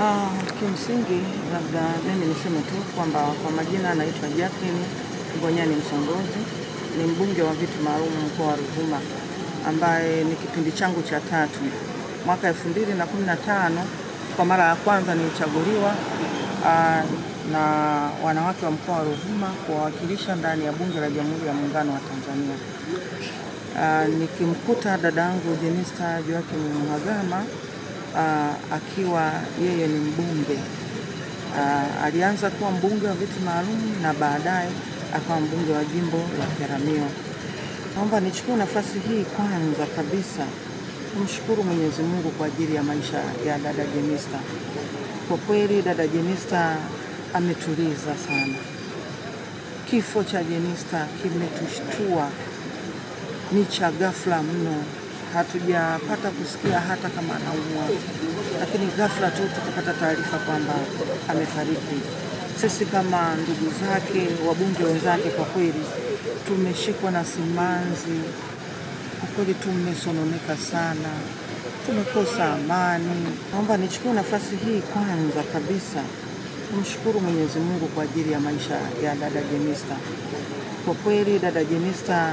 Kimsingi labda mimi niseme tu kwamba kwa majina anaitwa Jacqueline Ngonyani Msongozi, ni mbunge wa viti maalum mkoa wa Ruvuma ambaye ni kipindi changu cha tatu. Mwaka 2015 kwa mara ya kwanza nilichaguliwa ah, na wanawake wa mkoa wa Ruvuma kuwawakilisha ndani ya Bunge la Jamhuri ya Muungano wa Tanzania. Ah, nikimkuta dadangu Jenista Joakim Mhagama uh, akiwa yeye ni mbunge uh, alianza kuwa mbunge wa viti maalum na baadaye akawa mbunge wa jimbo la Peramiho. Naomba nichukue nafasi hii kwanza kabisa kumshukuru Mwenyezi Mungu kwa ajili ya maisha ya dada Jenista. Kwa kweli dada Jenista ametuliza sana. Kifo cha Jenista kimetushtua, ni cha ghafla mno hatujapata kusikia hata kama anaumwa, lakini ghafla tu tukapata taarifa kwamba amefariki. Sisi kama ndugu zake, wabunge wenzake, kwa kweli tumeshikwa na simanzi, kwa kweli tumesononeka sana, tumekosa amani. Naomba nichukue nafasi hii kwanza kabisa kumshukuru Mwenyezi Mungu kwa ajili ya maisha ya dada Jenista. Kwa kweli dada Jenista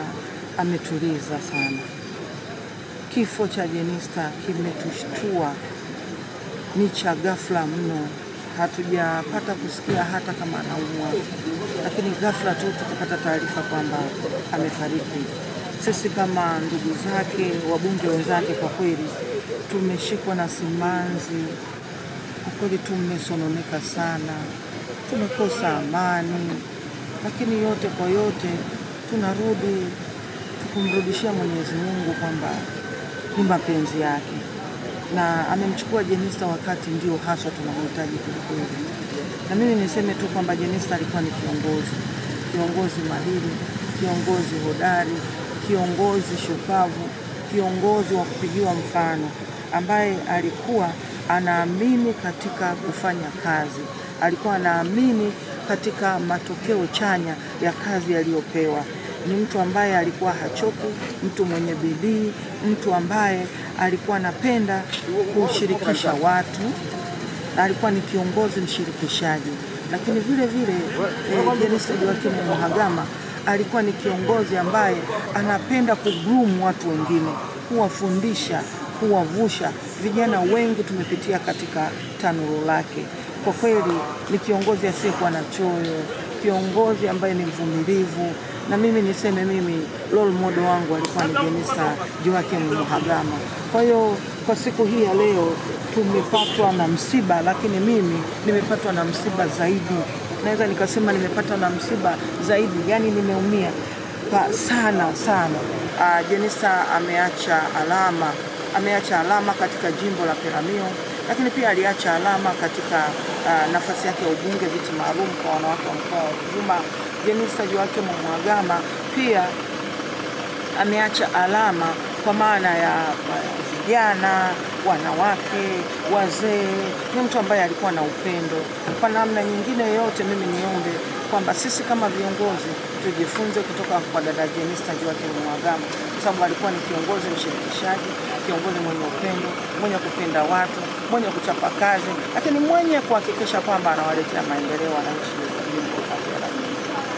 ametuliza sana. Kifo cha Jenista kimetushtua, ni cha ghafla mno, hatujapata kusikia hata kama anaumwa, lakini ghafla tu tukapata taarifa kwamba amefariki. Sisi kama ndugu zake, wabunge wenzake, kwa kweli tumeshikwa na simanzi, kwa kweli tumesononeka sana, tumekosa amani, lakini yote kwa yote tunarudi tukumrudishia Mwenyezi Mungu kwamba ni mapenzi yake, na amemchukua Jenista wakati ndio haswa tunamhitaji kulikweli. Na mimi niseme tu kwamba Jenista alikuwa ni kiongozi, kiongozi mahiri, kiongozi hodari, kiongozi shupavu, kiongozi wa kupigiwa mfano, ambaye alikuwa anaamini katika kufanya kazi, alikuwa anaamini katika matokeo chanya ya kazi aliyopewa ni mtu ambaye alikuwa hachoki, mtu mwenye bidii, mtu ambaye alikuwa anapenda kushirikisha watu, alikuwa ni kiongozi mshirikishaji. Lakini vile vile eh, Jenista Mhagama alikuwa ni kiongozi ambaye anapenda kugroom watu wengine, kuwafundisha, kuwavusha. Vijana wengi tumepitia katika tanuru lake. Kwa kweli ni kiongozi asiyekuwa na choyo, kiongozi ambaye ni mvumilivu, na mimi niseme mimi role model wangu alikuwa ni Jenista Joakim Mhagama. Kwa hiyo kwa siku hii ya leo tumepatwa na msiba, lakini mimi nimepatwa na msiba zaidi, naweza nikasema nimepatwa na msiba zaidi, yani nimeumia sana sana. Uh, Jenista ameacha alama, ameacha alama katika jimbo la Peramiho lakini pia aliacha alama katika uh, nafasi yake ya ubunge, viti maalum kwa wanawake wa mkoa wa Ruvuma. Jenista Joakim Mhagama pia ameacha alama kwa maana ya uh, vijana, wanawake, wazee. Ni mtu ambaye alikuwa na upendo. Kwa namna nyingine yote, mimi niombe kwamba sisi kama viongozi tujifunze kutoka kwa dada Jenista Joakim Mhagama, kwa sababu alikuwa ni kiongozi mshirikishaji, kiongozi mwenye upendo, mwenye kupenda watu mwenye kuchapa kazi, lakini mwenye kuhakikisha kwamba anawaletea maendeleo wananchi wa jimbo la